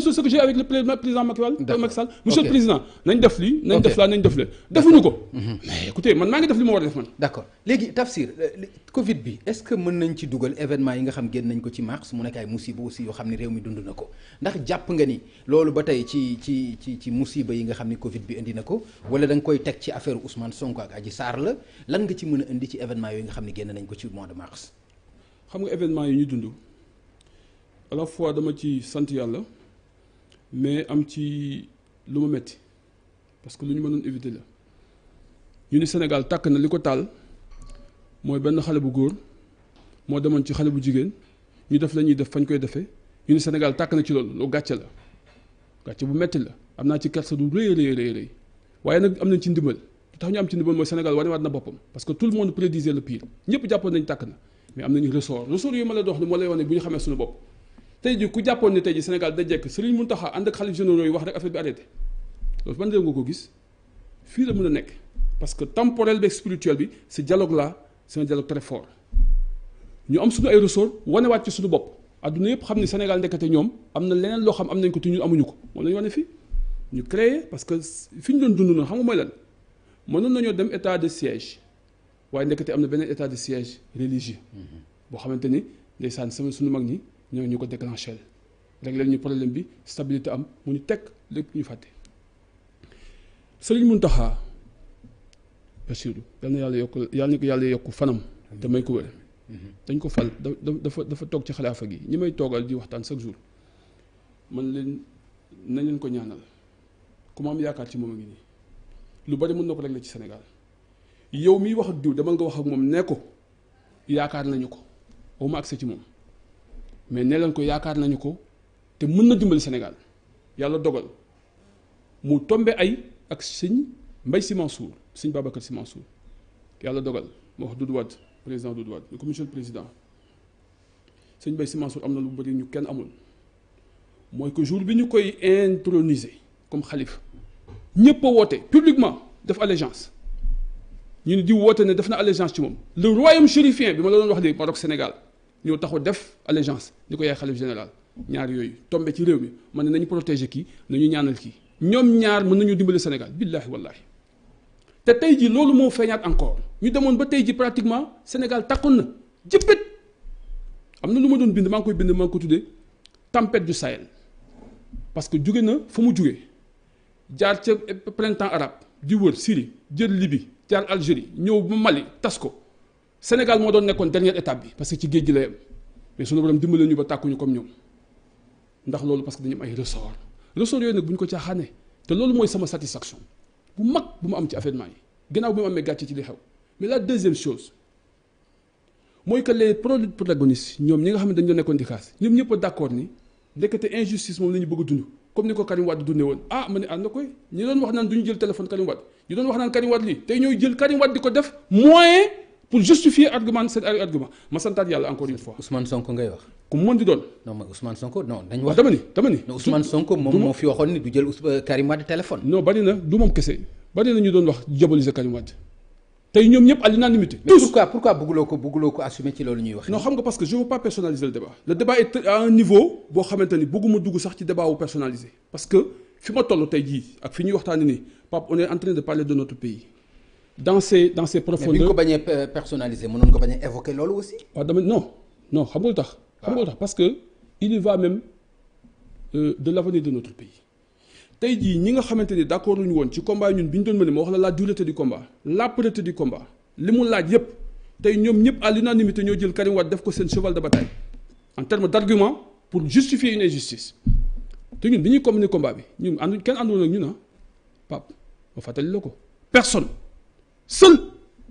chose ce que j'ai avec le président Macky Sall Macky Sall monsieur le président nañ def lii nañ def laa nañ def leen defuñu ko mhm. Mhm. mais écoutez man maa ngi def li ma war a def man d'accord léegi Tafsir euh, Covid bi est-ce que mën nañ ci dugal événement yi nga xam génn nañ ko ci mars mu nekk ay musiba aussi yoo xam ne réew mi dund na ko ndax jàpp nga ni loolu ba tey ci ci ci ci musiba yi nga xam ne Covid bi indi na ko wala da nga koy teg ci affaire Ousmane Sonko ak Adji Sarr la lan nga ci mën a indi ci événement yooyu nga xam ne génn nañ ko ci mois de mars xam nga événement yi ñu dund à la fois dama ci sant yàlla mais am ci lu ma metti parce que lu ñu mënoon éviter la ñu ni Sénégal tàkk na li ko taal mooy benn xale bu góor moo demoon ci xale bu jigéen ñu def la ñuy def fañ koy defee ñu ni Sénégal tàkk na ci loolu loolu gàcce la gàcce bu metti la am naa ci kersa du rëy rëy waaye nag am nañ ci ndimbal lu tax ñu am ci ndimbal mooy Sénégal wanewaat na boppam parce que tout le monde prédisait le pire ñëpp jàppoon nañ tàkk na mais am nañu ressort ressort yu ma la dox bu ñu xamee suñu bopp tey ji ku jàppoon ne tey ji Sénégal da jekk Serigne Mountakha ànd ak xalif généraux yi wax rek affaire bi arrêté loolu ban réew nga ko gis fii la mën a nekk parce que temporel bi spirituel bi ce dialogue la c'est un dialogue très fort ñu am suñu ay ressources wanewaat ci suñu bopp adduna yëpp xam ne Sénégal ndekete ñoom am na leneen loo xam am nañ ko te ñun amuñu ko moom la ñu wane fii ñu créer parce que fi ñu doon dund noonu xam nga mooy lan mënoon nañoo dem état de siège waaye ndekete am na beneen de siège religieux mm-hmm. boo xamante ni ndeysaan sama suñu mag ñi ñoo ñu ko déclenché réglé ñu problème bi stabilité am mu ñu teg lépp ñu fàtte Sëriñ Muntaxa Basiru yal na yàlla yokk yàlla na yàlla yokk fanam te may ko wér dañ ko fal dafa dafa toog ci xalaafa gi ñi may toogal di waxtaan chaque jour man leen nañ leen ko ñaanal ku ma am yaakaar ci moom a ngi nii lu bari mën na ko régler ci Sénégal yow miy wax ak diw dama nga wax ak moom ne ko yaakaar nañu ko aw ma accès ci moom mais ne leen ko yaakaar nañu ko te mën na dimbali Sénégal yàlla dogal mu tombe ay ak sëñ mbay Sy Mansour sëñ Babacar Sy Mansour yàlla dogal ma wax Doudou président Doudou Wade ko monsieur président sëñ Mbaye Sy Mansour am na lu bëri ñu kenn amul mooy que jour bi ñu koy introniser comme xalifa ñëpp woote publiquement def allégeance ñu ne di woote ne def na allégeance ci moom le royaume chérifien bi ma la doon wax léegi Maroc Sénégal ñoo taxu def allégeance di ko yaay xalif général ñaar yooyu tombe ci réew mi man ne nañu protéger kii nañu ñaanal kii ñoom ñaar mën nañu dimbali Sénégal billaahi wallaahi te tey ji loolu moo feeñaat encore ñu demoon ba tey ji pratiquement Sénégal takkoon na jëppét am na lu ma doon bind maa ngi koy bind maa ngi ko tuddee tempête du Sahel parce que jóge na fu mu jugee jaar ca printemps arabe di wër Syrie jël libi jaar Algérie ñëw ba Mali tas ko Sénégal moo doon nekkoon dernière étape bi parce que ci géej gi mais sunu borom dimbale ñu ba tàkkuñu comme ñoom ndax loolu parce que dañu ay ressort ressort yooyu nag bu ñu ko caaxaanee te loolu mooy sama satisfaction bu mag bu ma am ci affairement yi gannaaw bi ma amee gàcce ci li xew mais la deuxième chose mooy que les ñoom ñi nga xam ne dañu doon nekkoon di xaas ñoom ñëpp a d'accord ni ndekete injustice moom la bëgg a dund comme ni ko woon ah ma ne ànd na koy ñi doon wax naan du ñu jël ñooy jël Karim Wade di ko def moyen pour justifier argument seen ay argument ma santaat yàlla encore une fois. Ousmane Sonko ngay wax. ku mën di doon. non mais Ousmane Sonko non dañ wax dama ni dama ni. Ousmane Sonko moom moo fi waxoon ni du jël euh, Karim téléphone. non bari na du moom kese bari ñu doon wax diaboliser Karim tey ñoom ñëpp à l'unanimité. tous mais pourquoi pourquoi ko bëgguloo ko assumer ci loolu ñuy wax. non xam nga parce que je veux pas personnaliser le débat. le débat est un niveau dans ces dans ces profondeurs mais bi ñu ko bañee euh, personnalisé mënoon ko bañee évoquer loolu aussi. waaw dama non non xam nga tax. Ah. xam nga lu tax parce que il y va même euh, de l'avenir de notre pays. tey jii ñi nga xamante ni d'accord ñu woon ci combat ñun bi ñu doon mën ma wax la la dureté du combat l'âpreté du combat li mu laaj yépp tey ñoom ñëpp à l'unanimité ñoo jël Karim Wade def ko seen cheval de bataille en terme d'argument pour justifier une injustice te ñun bi ñuy combiné komba bi ñun àndu kenn àndoon ak ñun ah Pape ma fàttali la ko personne. Seuls,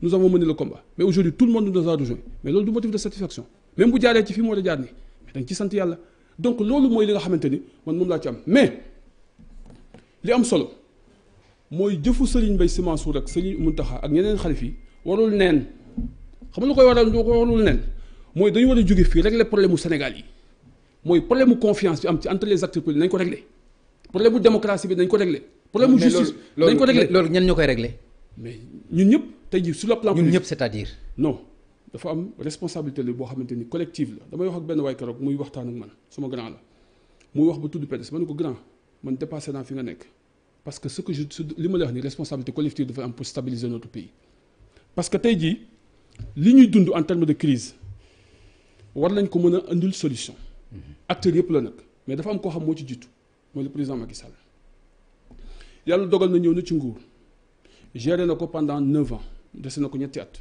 nous avons mené le combat. Mais aujourd'hui, tout le monde nous a rejoints. Mais loolu du motif de satisfaction. Même bu jaaree ci fi mu war a jaar nii mais dañ ci sant yàlla. donc loolu mooy li nga xamante ni man moom laa ci am mais li am solo mooy jëfu Serigne Mbaye Sy Mansour ak Serigne Mountakha ak ñeneen xalif yi warul neen xam nga lu koy waral lu ko warul neen mooy dañu war a jóge fii régler problème mu Sénégal yi mooy problème mu confiance bi am ci entre les ko régler problème mu démocratie ko régler problème mu justice ko régler loolu ñenn ñoo koy régler mais ñun ñëpp tey jii sur le plan. ñun ñëpp c'est-à-dire. non dafa am responsabilité la boo xamante ni collective la damay wax ak benn waay keroog muy waxtaan ak man suma grand la muy wax ba tudd PDS man ne ko grand man dépassé naa fi nga nekk parce que ce que je li ma la wax ni responsabilité collective dafa am pour stabiliser notre pays. parce que tey jii li ñuy dund en termes de crise war nañ ko mën a indil solution. Mm-hmm. acteurs yëpp la nag mais dafa am koo xam moo ci jiitu mooy le président Macky Sall dogal na ñëw na ci nguur. géré na ko pendant neuf ans dese na ko ñetti at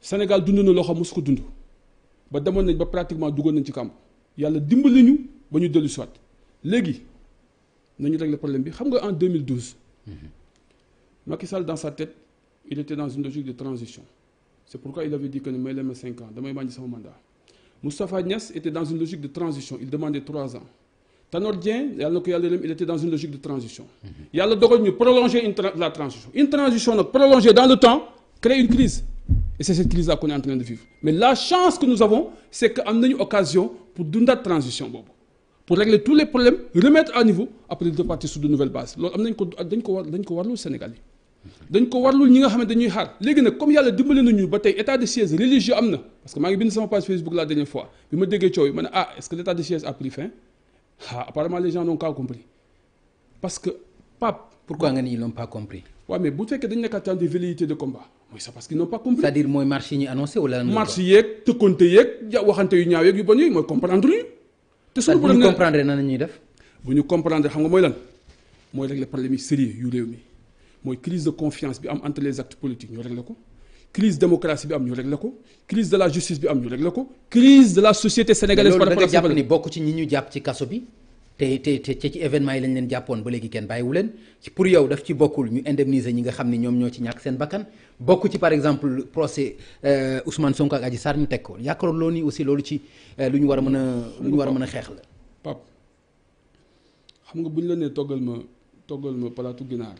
Sénégal dund na loxo xam mosu ko dund ba demoon nañ ba pratiquement duggoon nañ ci kàmb yàlla dimbali ñu ba ñu dellu soit léegi nañu régler problème bi xam nga en 2012 Macky Sall dans sa tête il était dans une logique de transition c'est pourquoi il avait dit que may leen cinq ans damay wàññi sama mandat Moustapha Niass était dans une logique de transition il demandait trois ans Tanor Dieng yàlla na ko yàlla yërëm il était dans une logique de transition yàlla dogal ñu prolonger une transition une transition nag prolongée dans le temps crée une crise et c'est cette crise là qu'on de vivre mais la chance que nous avons c'est que am nañu occasion pour dundaat transition boobu pour régler tous les problèmes remettre à niveau après repartir sur de nouvelles bases loolu am nañ ko dañ ko war dañ Sénégal yi dañ ko warlul ñi nga xam ne dañuy xaar léegi comme yàlla dimbali nañu ba tey état ah apparemment les gens n'ont pas compris parce que Pape. pourquoi nga ni ils n'ont pas compris. waaw ouais, mais bu fekkee dañ nekk temps de velléité de combat mooy ça parce qu'ils n'ont pas compris. c'est-à-dire mooy marche yi ñu annoncé wala. marche yeeg tëkkonte yeeg ja waxante yu ñaaw yeeg yu bon yooyu mooy comprendre ñu. te suñu problème bu ñu comprendre nan ñuy def. bu ñu comprendre xam nga mooy lan mooy régler problème yi sérieux yu réew mi mooy crise bi am entre les actes politiques ñu ko. crise démocratie bi am ñu réglé ko crise de la justice bi am ñu réglé ko crise de la société sénégalaise par rapport jàpp ni bokk ci ñi ñu jàpp ci kaso bi te te te ci événement yi lañ leen jàppoon ba léegi kenn bàyyiwu leen ci pour yow daf ci bokkul ñu indemniser ñi nga xam ne ñoom ñoo ci ñàkk seen bakkan bokk ci par exemple procès euh, Ousmane Sonko ak Adji Sarr ñu teg ko yaakaaroon loo ni aussi loolu ci euh, lu ñu war a mën a lu ñu war a mën a xeex la. Pape xam nga bu ñu la nee toggal ma toggal ma palaatu ginaar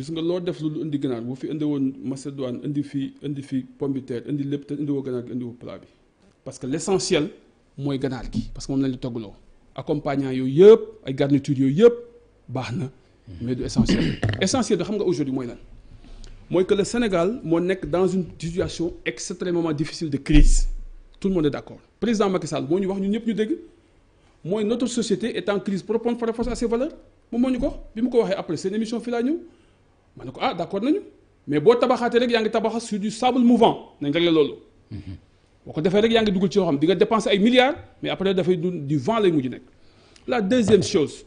gis nga loo def lu indi ganaar bu fi indi woon macédoine indi fi indi fi pomme de terre indi lépp indi woo ganaar gi indi woo plat bi parce que l'essentiel mooy ganaar gi parce que moom lañ la toggaloo accompagnant yooyu yëpp ay garniture yooyu yëpp baax na mais du essentiel essentiel bi xam nga aujourd'hui mooy lan mooy que le Sénégal moo nekk dans une situation extrêmement difficile de crise tout le monde est d'accord président Macky Sall moo ñu wax ñun ñëpp ñu dégg mooy notre société est ko waxee après seen émission ma ko ah d' accord nañu mais boo tabaxaatee rek yaa ngi tabaxa sur du sable mouvant nañ régler loolu. boo ko defee rek yaa ngi dugal ci yoo xam di nga dépenser ay milliards mais après dafay du du vent lay mujj nekk. la deuxième chose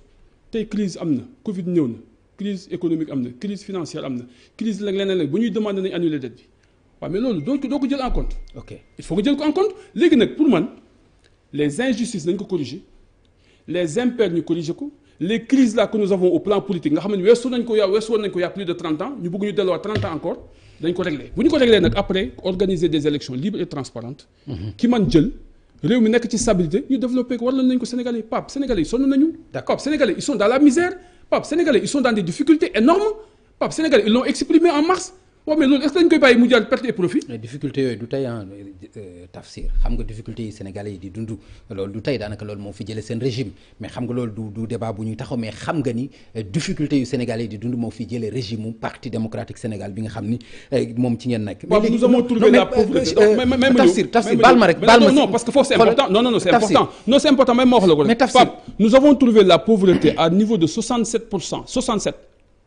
tey crise am na Covid ñëw na crise économique am na crise financière am na crise la leneen la bu ñuy demandé nañ annuler dette bi waaw mais loolu doo doo ko jël en compte. ok il faut que jël ko en compte léegi nag pour man les injustices nañ ko corriger les impairs ñu ko. les crises là que nous avons au plan politique nga xam ne weesu nañ ko yaa weesu woon nañ ko yaa plus de 30 ans ñu bëgg ñu delluwaat 30 ans encore dañ ko réglé bu ñu ko réglé nag après organiser des élections libres et transparentes mhm. ki man jël réew mi nekk ci stabilité ñu développé ko war nañ ko Sénégalais yi Pape Sénégalais yi nañu Pape Sénégalais ils sont dans la misère Pape Sénégalais ils sont dans des difficultés énormes Pape waaw mais loolu est dañ koy bàyyi mu jaar perte et profit. difficulté yooyu du tey ah Tafsir xam nga difficulté yi Sénégalais yi di loolu du tey daanaka loolu moo fi jëlee seen régime mais xam nga loolu du du bu ñuy taxaw mais xam nga ni euh, difficulté yu Sénégalais yi di dund fi jëlee régime parti démocratique Sénégal bi nga xam ni euh, moom ci ngeen nekk. mais Tafsir Tafsir baal ma rek baal ma non parce que foofu c'est important non c'est important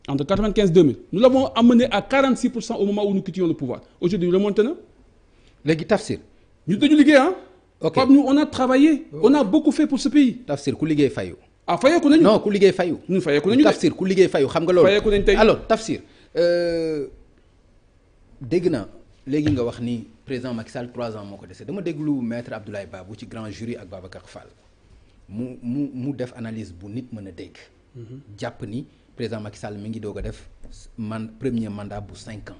entre 95 2000 nous l'avons amené à 46 pour cent au moment où nous quittions le pouvoir aujourd'hui remonté na. léegi Tafsir. ñu dañu liggéey ah. ok Pape ñu on a travaillé. on a beaucoup fait pour ce pays. Tafsir ku liggéey fayu. ah fayeeku nañu non ku liggéey fayu. ñun fayeeku nañu de Tafsir ku liggéey fayu xam nga loolu. fayeeku nañ tey alors Tafsir. Euh, dégg na léegi nga wax ni président Macky trois 3 moo ko dese dama déglu maître Abdoulaye Babou ci grand jury ak Babacar Fall mu mu mu def analyse bu nit mën a dégg. Mhm. jàpp ni. président Macky Sall mi ngi doog def man premier mandat bu cinq ans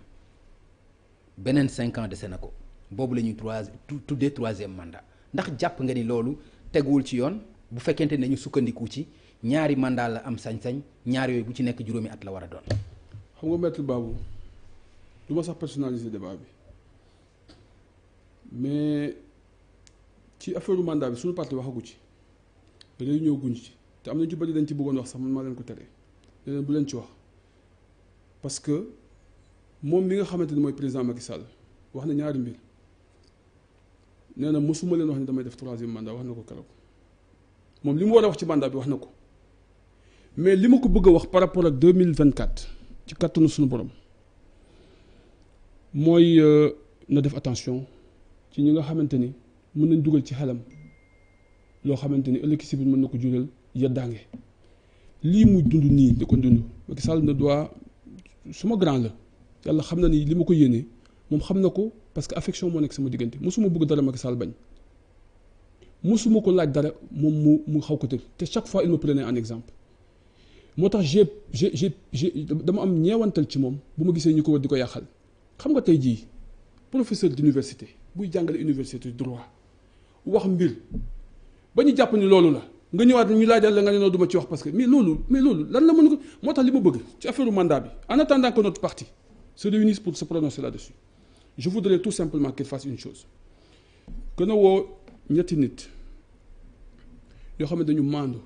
beneen cinq ans dese na ko boobu la ñuy trois tuddee troisième mandat ndax jàpp nga ni loolu teguwul ci yoon bu fekkente ne ñu sukkandiku ci ñaari mandat la am sañ-sañ ñaari yooyu bu ci nekk juróomi at la war a doon. xam nga maître Babou du ma sax personnaliser débat bi mais ci affaire mandat bi suñu parti waxagu ci dañuy ñëw guñ ci te am na ñu ci bëri dañ ci bëggoon wax sax man maa leen ko tere. leen euh, bu leen ci wax parce que moom mi nga xamante ni mooy président Macky Sall wax na ñaari mbir nee na mosuma leen wax ne damay def troisième mandat wax na ko keroog moom li mu war a wax ci mandat bi wax na ko mais li ma ko bëgg a wax par rapport ak deux mille vingt quatre ci kattanu suñu borom mooy euh, na def attention ci ñi nga xamante ni mën nañ dugal ci xelam loo xamante ni ëllëg si biir mën na ko jural yeddaange. lii muy dund nii di ko dund Macky Sall ne doit suma grand la yàlla xam na ni li ma ko yéene moom xam na ko parce que affection moo nekk sama diggante mosuma bugg dara Macky Sall bañ mosuma ko laaj dara moom mu mu xaw ko tëg te chaque fois il me prenait en exemple moo tax j'ai j'ai j'ai dama am ñeewantal ci moom bu ma gisee ñu ko war di ko yàqal xam nga tey jii professeur d'université buy jàngale université droit wax mbir ba ñu jàpp ni loolu la nga ñëwaat ñu laajal la nga ne noo duma ci wax parce que mais loolu mais loolu lan la mën ko moo tax li ma bëgg ci affaire mandat bi en attendant que notre parti se réunisse pour se prononcer là-dessus je voudrais tout simplement qu'il fasse une chose que na woo ñetti nit yoo xam ne dañu maandu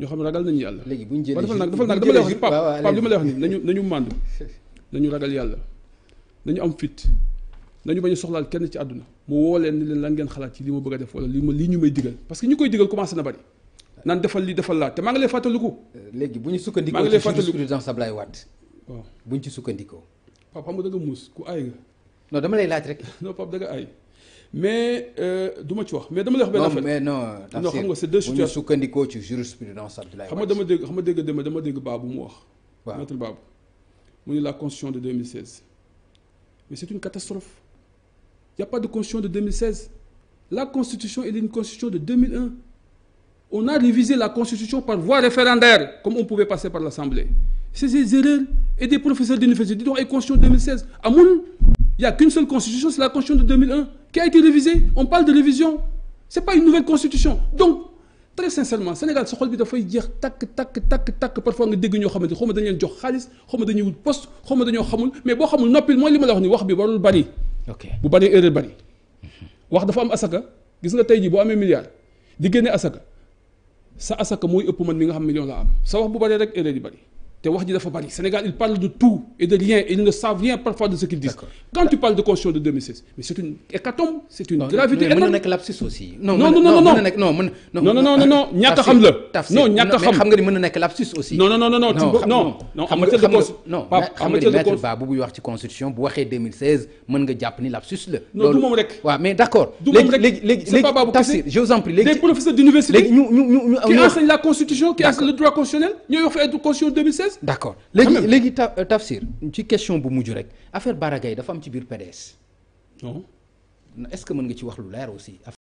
ñoo xam ne ragal nañu yàlla. léegi bu ñu jëlee dafal nag dafal nag dama lay wax ni Pape Pape li ma lay wax ni nañu nañu maandu nañu ragal yàlla nañu am fit. nañu bañ a soxlaal kenn ci àdduna mu woo leen ni leen lan ngeen xalaat ci li ma bëgg a def wala li ma lii ñu may digal parce que ñu koy digal commencé na bari naan defal lii defal laa te maa ngi lay fàttaliku. Euh, léegi bu ñu sukkandikoo maa ngi lay fàttaliku jurisprudence Ablaye Wade. waaw bu ñu ci dama lay rek. non Pape da nga mais euh, du ci wax mais dama lay wax benn affaire. non mais non. non xam nga c'est deux situations bu ñu sukkandikoo ci jurisprudence Ablaye Wade. xam nga dama dégg xam nga dégg dama dama dégg Babou mu wax. waaw maître Babou mu ni la constitution de 2016 mais c'est une catastrophe Il n'y a pas de constitution de 2016. La constitution est une constitution de On a révisé la constitution par voie référendaire, comme on pouvait passer par l'Assemblée. C'est des erreurs et des professeurs d'université. Donc, et constitution 2016. À Moul, il n'y a qu'une seule constitution, c'est la constitution de qui a été révisée. On parle de révision. Ce n'est pas une nouvelle constitution. Donc, très sincèrement Sénégal sa bi dafay jeex takk takk takk takk parfois nga dégg bu bëree erreur bëri wax dafa am asaka gis nga tey jii boo amee milliard di génne asaka sa asaka mooy ëpp man mi nga xam million la am sa wax bu bëree rek erreur yi bëri te wax ji dafa bari Sénégal il parle de tout et de rien et ils ne savent rien parfois de ce qu'ils disent. quand tu parles de constitution de 2016 mais c'est une hécatombe c'est une gravité énorme. mën na nekk lapsus aussi. non non non non non non non non ñàkk a xam la. non ñàkk a xam xam nga ni mën na nekk lapsus aussi. non non non non non non non en matière de non xam nga ni maître Ba bu buy wax ci constitution bu waxee 2016 mën nga jàpp ni lapsus la. non du moom rek. waaw mais d'accord. du moom rek léegi léegi léegi Tafsir je vous en prie léegi. des professeurs d'université. léegi ñu ñu ñu ñu. qui enseignent la constitution qui enseignent le droit constitutionnel ñooy wax fi ay constitution 2016 PDS. d' accord léegi léegi euh, Tafsir ci question bu mujj rek affaire Bara Gaye dafa am ci biir PDS. non est ce que mën nga ci wax lu leer aussi.